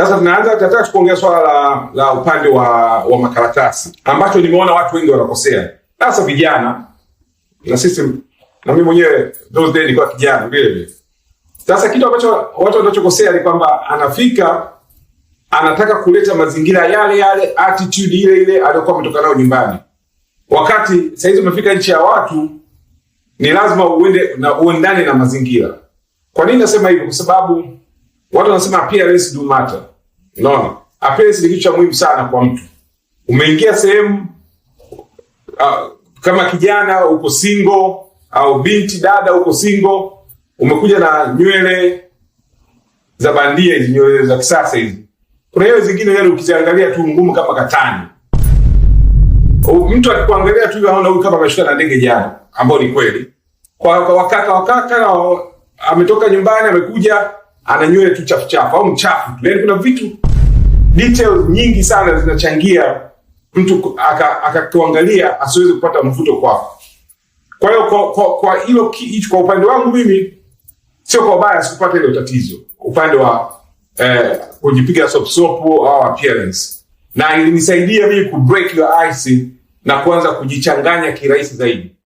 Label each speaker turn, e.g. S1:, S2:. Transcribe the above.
S1: Sasa tunaanza tunataka kuongea swala la, la upande wa, wa makaratasi ambacho nimeona watu wengi wanakosea, hasa vijana na sisi na mimi mwenyewe those days nilikuwa kijana vile vile. Sasa kitu ambacho watu wanachokosea ni kwamba anafika anataka kuleta mazingira yale yale, attitude ile ile aliyokuwa ametoka nayo nyumbani, wakati saa hizi umefika nchi ya watu, ni lazima uende na uendane na mazingira. Kwa nini nasema hivyo? Kwa sababu watu wanasema appearance do matter. Unaona, mapenzi ni kitu cha muhimu sana kwa mtu. Umeingia sehemu uh, kama kijana uko single au binti dada uko single, umekuja na nywele za bandia hizi, nywele za kisasa hizi. Kuna hiyo zingine yale ukiziangalia tu ngumu kama katani. Mtu akikuangalia tu anaona huyu kama ameshuka na ndege jana, ambao ni kweli. Kwa wakaka wakaka ametoka nyumbani amekuja ana nywele tu chafu chafu au mchafu. Yaani kuna vitu details nyingi sana zinachangia mtu akakuangalia aka asiweze kupata mvuto kwako. Kwa hiyo kwa kwa, kwa hilo kwa upande wangu mimi sio kwa baya, sikupata ile tatizo upande wa eh, kujipiga soapsopo au appearance. Na ilinisaidia mimi ku break your ice na kuanza kujichanganya kirahisi zaidi.